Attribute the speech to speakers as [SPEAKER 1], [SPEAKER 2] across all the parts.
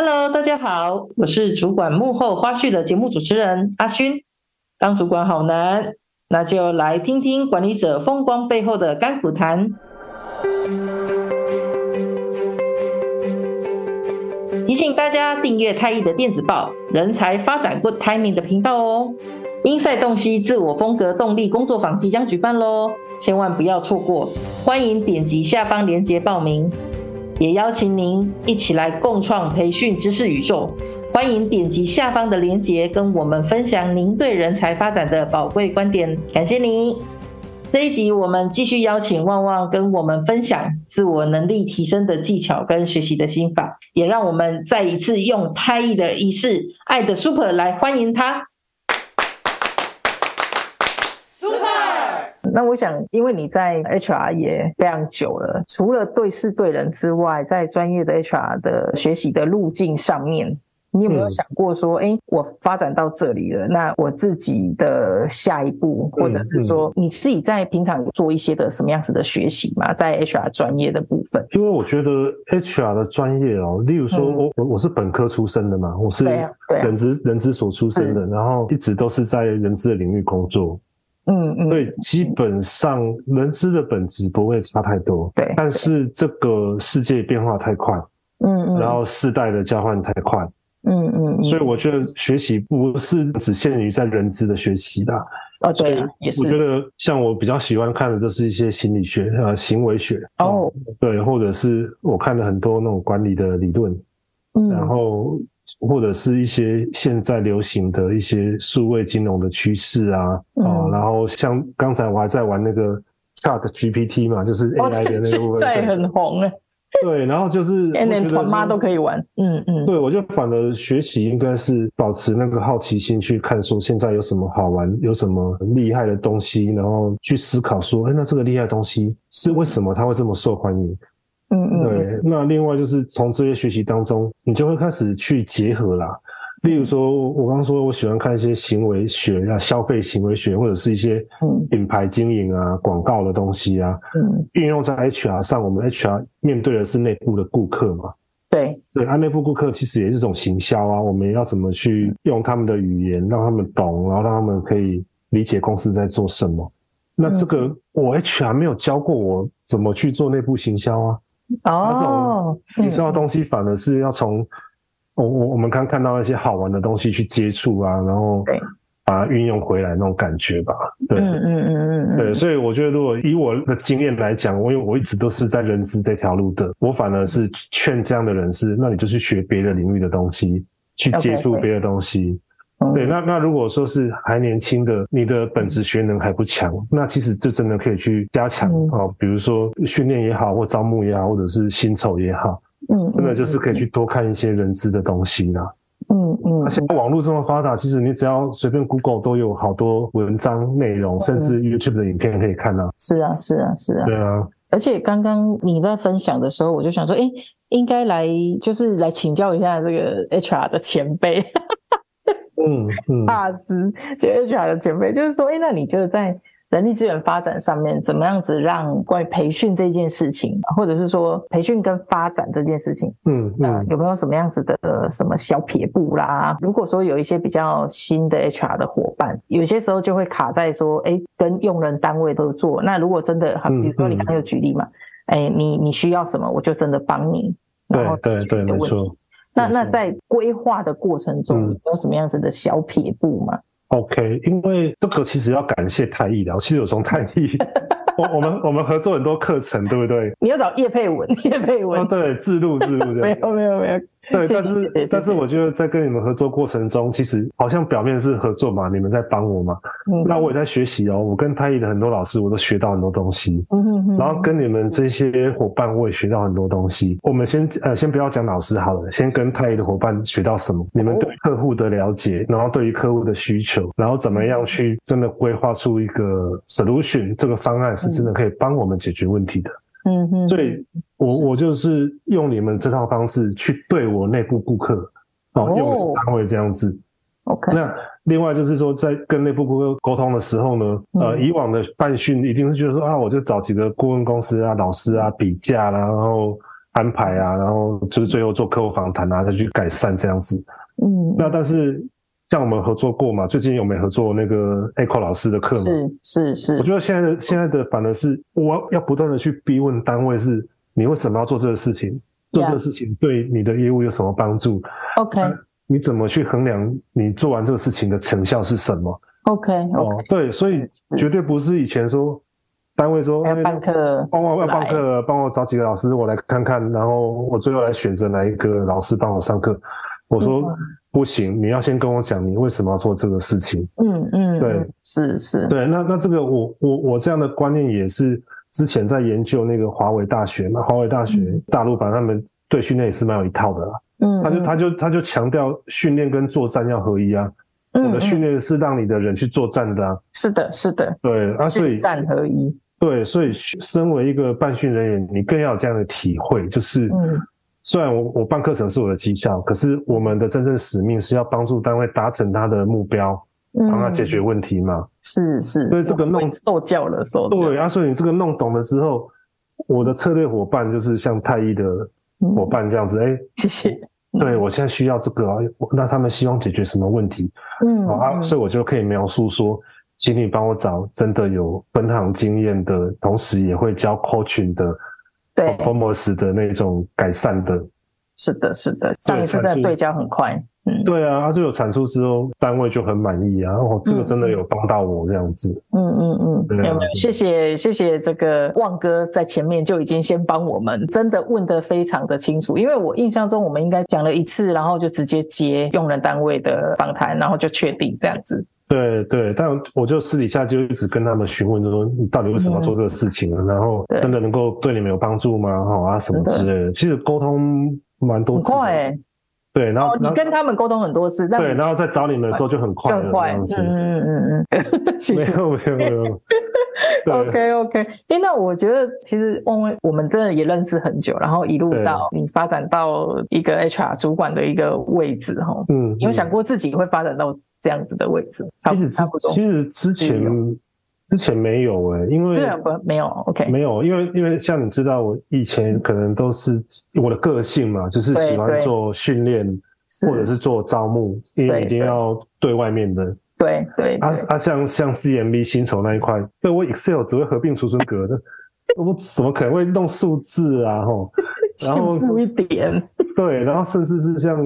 [SPEAKER 1] Hello，大家好，我是主管幕後花絮的節目主持人阿勳。當主管好難，那就來聽聽管理者風光背後的甘苦談。提醒大家訂閱太毅的電子報《人才發展 Good Timing》的頻道哦。Insights 洞悉自我風格動力工作坊即將舉辦嘍，千萬不要錯過，歡迎點擊下方鏈接報名。也邀請您一起來共創培訓知識宇宙，歡迎點擊下方的鏈接，跟我們分享您對人才發展的寶貴觀點。感謝您。這一集我們繼續邀請旺旺跟我們分享自我能力提升的技巧跟學習的心法，也讓我們再一次用胎意的儀式，愛的 super 來歡迎他。那我想，因為你在 HR 也非常久了，除了對事對人之外，在專業的 HR 的學習的路徑上面，你有沒有想過說，嗯、誒我發展到這裡了，那我自己的下一步，或者是說、嗯嗯、你自己在平常做一些的什麼樣
[SPEAKER 2] 子的學習嗎？
[SPEAKER 1] 在 HR 專業
[SPEAKER 2] 的部分？因為我覺得 HR 的專業哦，例如說我、嗯、我是本科出身的嘛，我是人資人資所出身的，啊、然後一直都是在人資的領域工作。嗯嗯，所、嗯、以基本上人資的本質不會差太多，對。對但是這個世界變化太快，嗯,嗯然後世代的交換太快，嗯嗯。嗯嗯所以我覺得學習不是只限於在人資的學習啦，
[SPEAKER 3] 哦對、啊，也是。我覺得
[SPEAKER 2] 像我比較喜歡看的都是一些心理學、呃行為學哦、嗯，對，或者是我看了很多那種管理的理論，嗯，然後。或者是一些現在流行的一些數位金融的趨勢啊，啊、嗯呃，然後像剛才我還在玩那個 ChatGPT 嘛，就是 AI 的哇那個。現在很
[SPEAKER 1] 紅哎。
[SPEAKER 2] 對，然後就是連團媽
[SPEAKER 1] 都可以玩，嗯嗯。
[SPEAKER 2] 對，我就反而學習應該是保持那個好奇心去看說，現在有什麼好玩，有什麼很厲害的東西，然後去思考說，哎，那這個厲害的東西是為什麼它會這麼受歡迎？嗯，嗯，對，那另外就是從這些學習當中，你就會開始去結合啦。例如說，我剛剛說我喜歡看一些行為學呀、啊、消費行為學，或者是一些品牌經營啊、廣告的東西啊。嗯，嗯，運用在 HR 上，我們 HR 面對的是內部的顧客嘛？對，對，對，啊內部顧客其實也是一種行銷啊。我們要怎麼去用他們的語言，讓他們懂，然後讓他們可以理解公司在做什麼？那這個我 HR 沒有教過我怎麼去做內部行銷啊。
[SPEAKER 3] 哦，oh, 這種你知
[SPEAKER 2] 道東西反而是要從我我我們剛看到那些好玩的東西去接觸啊，然後把它運用回來那種感覺吧。對，嗯嗯嗯嗯，對，所以我覺得如果以我的經驗來講，我有我一直都是在人資這條路的，我反而是勸這樣的人士，那你就去學別的領域的東西，去接觸別的東西。Okay, right. 嗯、對，那那如果說是還年輕的，你的本職學能還不強，那其實就真的可以去加強啊、嗯哦，比如說訓練也好，或招募也好，或者是薪酬也好，嗯，真的就是可以去多看一些人資的東西啦嗯嗯，現、嗯、在網絡這麼發達，其實你只要隨便 Google 都有好多文章內容，嗯、甚至 YouTube 的影片可以看呢、啊嗯嗯。是啊，是啊，是啊。對
[SPEAKER 1] 啊，而且剛剛你在分享的時候，我就想說，哎，應該來就是來請教一下這個 HR 的前輩。 嗯，大、嗯、師，就 HR 的前輩就是說，哎、欸，那你就在人力資源發展上面，怎麼樣子讓關於培訓這件事情，或者是說培訓跟發展這件事情，嗯嗯、呃，有沒有什麼樣子的什麼小撇步啦？如果說有一些比較新的 HR 的夥伴，有些時候就會卡在說，哎、欸，跟用人單位都做。那如果真的，比如說你剛有舉例嘛，哎、嗯嗯欸，你你需要什麼，我就真的幫你，對然後
[SPEAKER 2] 解決你的問題。
[SPEAKER 1] 那那在規劃的過程中有什麼樣子的小撇步嗎？嗯
[SPEAKER 2] ，OK，因為這個其實要感謝太藝了，我其實有從太藝，我我們我們合作很多課程，對不對？你要找葉佩文，葉佩文，哦，對，自錄自錄，沒有沒有沒有。對，但是，是，是，是，是但是我覺得在跟你們合作過程中，其實好像表面是合作嘛，你們在幫我嘛，嗯、哼那我也在學習哦。我跟太乙的很多老師，我都學到很多東西。嗯嗯哼然後跟你們這些夥伴，我也學到很多東西。嗯、哼我們先呃，先不要講老師好了，先跟太乙的夥伴學到什麼？哦、你們對客戶的了解，然後對於客戶的需求，然後怎麼樣去真的規劃出一個 solution，嗯、這個方案是真的可以幫我們解決問題的。嗯哼，所以我是我就是用你們這套方式去對我內部顧客，哦，用人單位這樣子，OK。那另外就是說，在跟內部顧客溝通的時候呢，嗯、呃，以往的辦訓一定是覺得說啊，我就找幾個顧問公司啊、老師啊比價啦，然後安排啊，然後就是最後做客戶訪談啊，再去改善這樣子。嗯，那但是。像我們合作過嘛？最近有沒有合作那個 Echo 老師的課？是是是。我覺得現在的現在的反而是我要不斷的去逼問單位：是，你為什麼要做這個事情？做這個事情對你的業務有什麼幫助 Yeah .？OK、啊。你怎麼去衡量你做完這個事情的成效是什麼
[SPEAKER 3] ？OK OK、哦。
[SPEAKER 2] 對，所以絕對不是以前說單位說要辦課，幫、哎、我要辦課，幫來我找幾個老師我來看看，然後我最後來選擇哪一個老師幫我上課。嗯、我說。嗯不行，你要先跟我講，你為什麼要做這個事情？嗯嗯，
[SPEAKER 3] 嗯對，是是，
[SPEAKER 2] 對，那那這個我我我這樣的觀念也是之前在研究那個華為大學嘛，華為大學大陸反正他們對訓練也是蠻有一套的嗯他，他就他就他就強調訓練跟作戰要合一啊，嗯，我的訓練是讓你的人去作戰的，啊，是的，是的，對啊，那所以戰合一，對，所以身為一個辦訓人員，你更要有這樣的體會，就是。嗯雖然我我辦課程是我的績效，可是我們的真正使命是要幫助單位達成他的目標，幫、嗯、他解決問題嘛。是是，所以這個弄受教了受教。受教對啊，所以你這個弄懂了之後，我的策略夥伴就是像太一的夥伴這樣子。嗯、誒謝謝。對，嗯、我現在需要這個，那他們希望解決什麼問題？嗯，好啊，所以我就可以描述說，請你幫我找真的有分行經驗的，同時也會教 coaching 的。o m o s, 對 的那種改善的，是的，是的，是的對，上一次在對焦很快，嗯對，述對啊，它、嗯、就有產出之後，單位就很滿意啊，哦、嗯，這個真的有幫到我、嗯、這樣子，嗯嗯
[SPEAKER 1] 嗯，嗯嗯啊、有沒有？對謝謝謝謝這個旺哥在前面就已經先幫我們，真的問得非常的清楚，因為我印象中我們應該講了一次，然後就直接接用人單位的訪談，然後就確定這樣子。
[SPEAKER 2] 對對，但我就私底下就一直跟他們詢問就說，你到底為什麼要做這個事情？對然後真的能夠對你們有幫助嗎？好對啊，什麼之類的。對其實溝通蠻多次的。對，然後、哦、你跟
[SPEAKER 1] 他們溝通很多次，但對，然後
[SPEAKER 2] 再找你們的時候就很快很快，嗯嗯嗯嗯，沒有
[SPEAKER 1] 沒有沒有 對，OK OK，因、欸、為我覺得其實旺旺，我們真的也認識很久，然後一路到對你發展到一個 HR 主管的一個位置哈，嗯，有想過自己會發展到這樣子的位置，其實差不多，其
[SPEAKER 2] 實之前。之前沒有誒、欸，因為沒有，OK，沒有，因為因為像你知道，我以前可能都是我的個性嘛，就是喜歡做訓練或者是做招募，因為一定要對外面的，對對。啊啊，像像 CMV 薪酬那一塊，所以我 Excel 只會合併儲存格的，我怎麼可能會弄數字啊？吼， 然後一點，對，然後甚至是像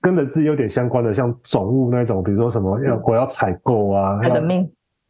[SPEAKER 2] 跟自己有點相關的，像總務那種，比如說什麼要我、嗯、要採購啊，他的要、啊、命。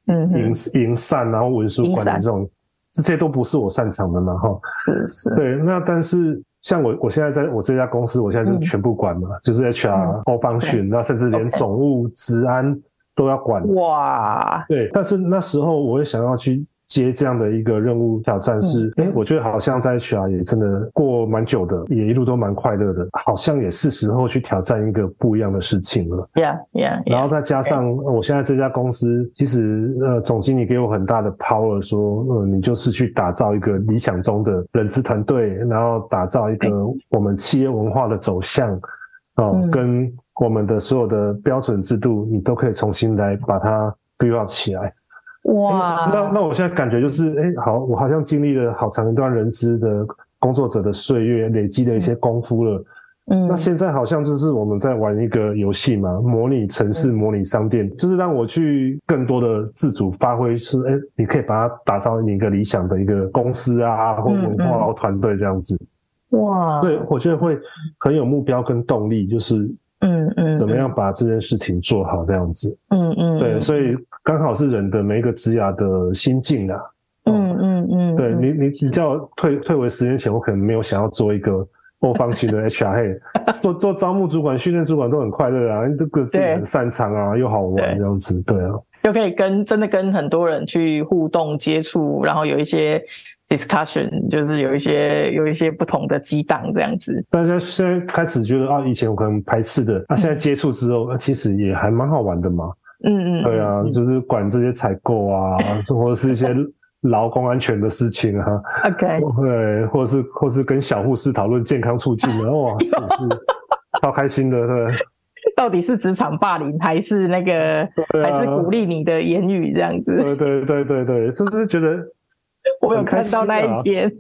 [SPEAKER 2] 嗯，營營善然後文書管理這種，這些都不是我擅長的嘛，哈，是是，對，那但是像我我現在在我這家公司，我現在就全部管嘛，嗯、就是 HR、嗯、all function 那甚至連總務、治 Okay. 安都要管。哇，對，但是那時候我也想要去。接這樣的一個任務挑戰，是，哎，我覺得好像在一起啊，也真的過蠻久的，也一路都蠻快樂的，好像也是時候去挑戰一個不一樣的事情了。Yeah, yeah、嗯。嗯嗯、然後再加上、嗯呃、我現在這家公司，其實呃，總經理給我很大的 power，說，呃，你就是去打造一個理想中的人資團隊，然後打造一個我們企業文化的走向，哦、呃，嗯、跟我們的所有的標準制度，你都可以重新來把它 build up 起來。哇，那那我現在感覺就是，哎，好，我好像經歷了好長一段人資的工作者的歲月，累積的一些功夫了。嗯，那現在好像就是我們在玩一個遊戲嘛，模擬城市，嗯、模擬商店，就是讓我去更多的自主發揮，是，哎，你可以把它打造你一個理想的一個公司啊，或者文化、或團隊這樣子。
[SPEAKER 3] 哇、嗯，對、嗯，
[SPEAKER 2] 我覺得會很有目標跟動力，就是。嗯嗯，怎麼樣把這件事情做好這樣子？嗯
[SPEAKER 3] 嗯，對，所
[SPEAKER 2] 以剛好是人的每一個職涯的心境啊。嗯嗯嗯，
[SPEAKER 3] 對
[SPEAKER 2] 你你你叫我退退回十年前，我可能沒有想要做一個歐方型的 HR，做做招募主管、訓練主管都很快樂啊，都各自很擅長啊，又好玩這樣子，對啊。
[SPEAKER 1] 又可以跟真的跟很多人去互動接觸，然後有一些。Discussion 就是有一些有一些不同的激盪這樣子，
[SPEAKER 2] 大家現在開始覺得啊，以前我可能排斥的，那、啊、現在接觸之後，那、嗯、其實也還蠻好玩的嘛。嗯嗯，對啊，嗯、就是管這些採購啊， 或者是一些勞工安全的事情哈、啊。OK，對，或者是或者是跟小護士討論健康促進的、啊， 哇，就是、超開心的對、啊。
[SPEAKER 1] 到底是職場霸凌還是那個對、啊、還是鼓勵你的言語這
[SPEAKER 2] 樣子？對對對對對，是、就、不是覺得？ 我有看到那一天、啊，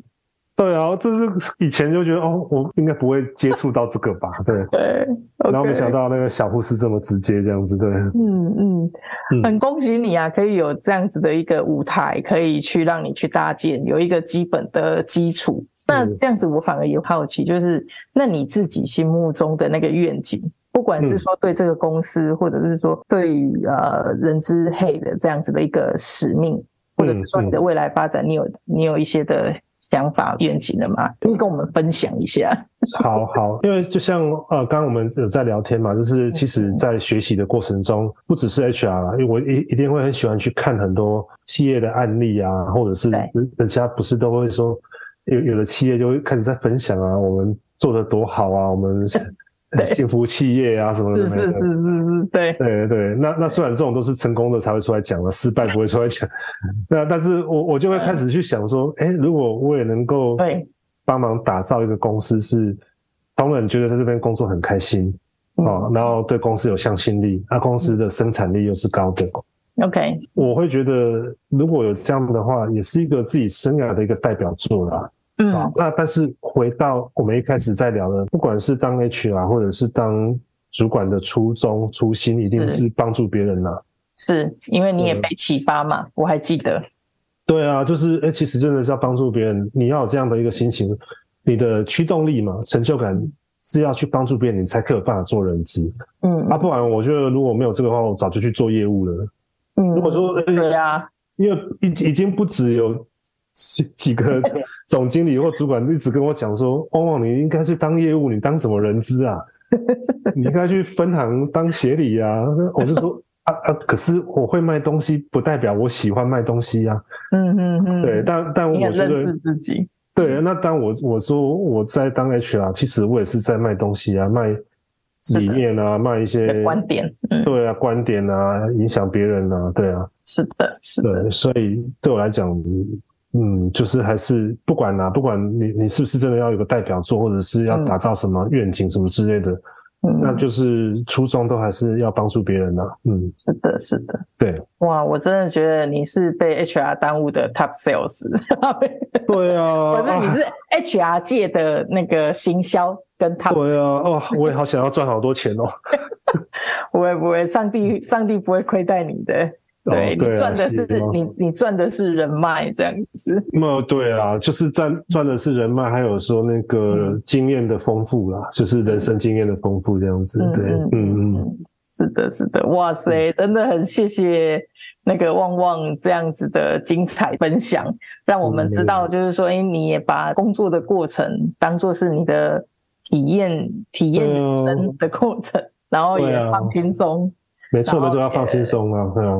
[SPEAKER 2] 對啊，就是以前就覺得哦，我應該不會接觸到這個吧，對 對，okay 然後沒想到那個小護士這麼直接這樣子，對，嗯嗯，
[SPEAKER 1] 很恭喜你啊，可以有這樣子的一個舞台，可以去讓你去搭建有一個基本的基礎。嗯、那這樣子我反而也好奇，就是那你自己心目中的那個願景，不管是說對這個公司，嗯、或者是說對於呃人資 HR 的這樣子的一個使命。或者是說你的未來發展，你有、嗯、你有一些的想法願景了嗎？可以對跟我們分享一下。
[SPEAKER 2] 好，好，因為就像呃，剛剛我們有在聊天嘛，就是其實在學習的過程中，嗯、不只是 HR 啦，因為我一一定會很喜歡去看很多企業的案例啊，或者是人家不是都會說，對有有的企業就會開始在分享啊，我們做得多好啊，我們。 對幸福企業啊，什麼什麼是是是是是，對對對。那那雖然這種都是成功的才會出來講的，失敗不會出來講。對那但是我我就會開始去想說，哎對，如果我也能夠對幫忙打造一個公司是，是同仁覺得在這邊工作很開心啊、嗯哦，然後對公司有向心力，那、啊、公司的生產力又是高的。OK，我會覺得如果有這樣的話，也是一個自己生涯的一個代表作啦、啊。嗯好，那但是回到我們一開始在聊的，不管是當 HR 或者是當主管的初衷初心，一定是幫助別人吶、
[SPEAKER 1] 啊。是，因為你也被啟發嘛，嗯、我還記得。
[SPEAKER 2] 對啊，就是哎、欸，其實真的是要幫助別人，你要有這樣的一個心情，你的驅動力嘛，成就感是要去幫助別人，你才可以有辦法做人資。嗯，啊，不然我覺得如果沒有這個話，我早就去做業務了。嗯，如果說、欸、對呀、啊，因為已已經不止有幾幾個。 總經理或主管一直跟我講說：“旺旺你應該去當業務，你當什麼人資啊？你應該去分行當協理呀、啊。” 我就說：“啊啊，可是我會賣東西，不代表我喜歡賣東西呀、啊。”嗯嗯
[SPEAKER 3] 嗯，對，但但我覺得自己
[SPEAKER 2] 對。那當我我說我在當 HR，其實我也是在賣東西啊，賣理念啊，的賣一些觀點。嗯、對啊，觀點啊，影響別人啊，對啊。是的，是的，對所以對我來講。嗯，就是還是不管哪、啊，不管你你是不是真的要有個代表作，或者是要打造什麼願景什麼之類的，嗯、那就是初衷都還是要幫助別人吶、啊。嗯，是的，是的。對，
[SPEAKER 1] 哇，我真的覺得你是被 HR 耽誤的 Top Sales。 對啊，反是你是 HR 界的那個行銷跟 Top sales。對啊，啊，我也好想要賺好多錢哦。我 不會，上帝，上帝不會虧待你的。對，你賺的是你，你
[SPEAKER 2] 賺的是人脈這樣子。哦，對啊，就是賺賺的是人脈，還有說那個經驗的豐富啦，就是人生經驗的豐富這樣子。嗯嗯嗯，是的，是的，
[SPEAKER 1] 哇塞，真的很謝謝那個旺旺這樣子的精彩分享，讓我們知道就是說，哎，你也把工作的過程當做是你的體驗體驗人的過程，然後也放輕鬆。
[SPEAKER 2] 沒錯，沒錯，就要放輕鬆啊，對啊。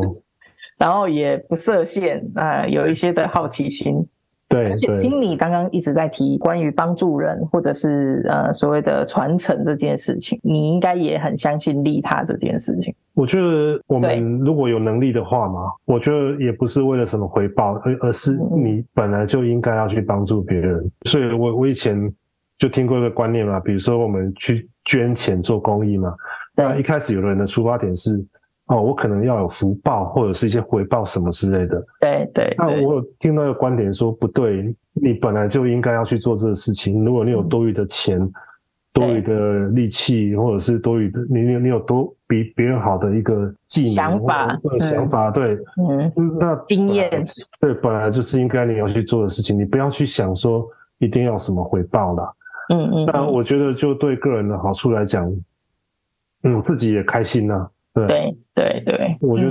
[SPEAKER 1] 然後也不設限啊、呃，有
[SPEAKER 2] 一些的好奇心。對，而且聽
[SPEAKER 1] 你剛剛一直在提關於幫助人對或者是呃所謂的傳承這件事情，你應該也很相信利他這件事情。
[SPEAKER 2] 我覺得我們如果有能力的話嘛，對我覺得也不是為了什麼回報，而而是你本來就應該要去幫助別人。嗯、所以我，我我以前就聽過一個觀念嘛，比如說我們去捐錢做公益嘛，對那一開始有的人的出發點是。哦，我可能要有福報，或者是一些回報什麼之類的。對，對對，那我有聽到一個觀點說，不對，你本來就應該要去做這個事情。如果你有多餘的錢、嗯、多餘的力氣，對或者是多餘的，你你你有多比別人好的一個技能，對，想法，想法，嗯、對，
[SPEAKER 3] 嗯，嗯，那經驗，
[SPEAKER 2] 對，本來就是應該你要去做的事情，你不要去想說一定要什麼回報啦。嗯，嗯嗯，那我覺得就對個人的好處來講，嗯，自己也開心呢、啊。對對對，對我覺得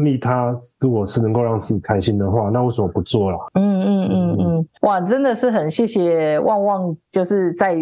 [SPEAKER 2] 利他、嗯、如果是能夠讓自己開心的話，那為什麼不做了、嗯？嗯嗯嗯嗯，
[SPEAKER 1] 嗯，哇，真的是很謝謝旺旺，就是在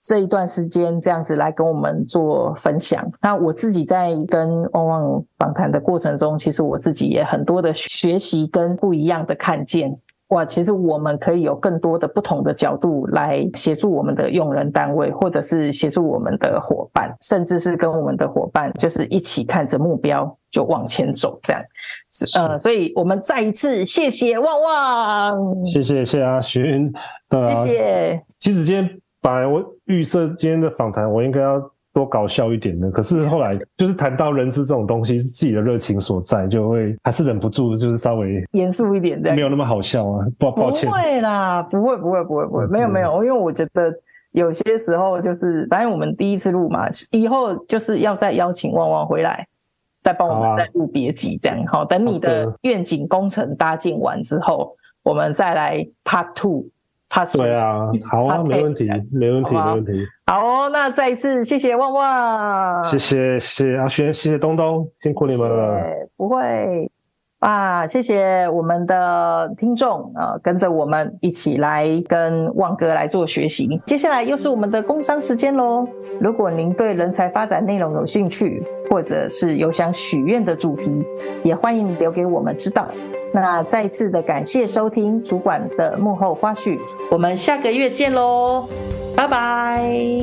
[SPEAKER 1] 這一段時間這樣子來跟我們做分享。那我自己在跟旺旺訪談的過程中，其實我自己也很多的學習跟不一樣的看見。哇，其實我們可以有更多的不同的角度來協助我們的用人單位，或者是協助我們的伙伴，甚至是跟我們的伙伴，就是一起看着目標就往前走，這樣是呃，所以我們再一次謝謝旺旺謝
[SPEAKER 2] 謝，謝謝謝阿尋，呃，謝謝。其實今天本來我預設今天的訪談，我應該要。多搞笑一點的，可是後來就是談到人資這種東西，是自己的熱情所在，就會還是忍不住，就是稍微嚴肅一點的，沒有那麼好笑啊，抱不抱歉不
[SPEAKER 1] 會啦，不會不會不會不會，沒有對沒有，沒有對因為我覺得有些時候就是，反正我們第一次錄嘛，以後就是要再邀請旺旺回來，再幫我們再錄別集這樣，好、啊哦，等你的願景工程搭建完之後，的我們再來 Part Two。
[SPEAKER 2] 對啊，好啊，沒問題，沒問題，
[SPEAKER 1] 沒問題。好，嗎好、哦，那再一次謝謝旺旺，謝謝，
[SPEAKER 2] 謝謝阿軒，謝謝東東，辛苦你們了。
[SPEAKER 1] 不會啊，謝謝我們的聽眾啊、呃，跟着我們一起來跟旺哥來做學習。接下來又是我們的工商時間嘍。如果您對人才發展內容有興趣，或者是有想許願的主題，也歡迎留給我們知道。那再次的感謝收聽主管的幕後花絮，我們下個月見嘍，拜拜。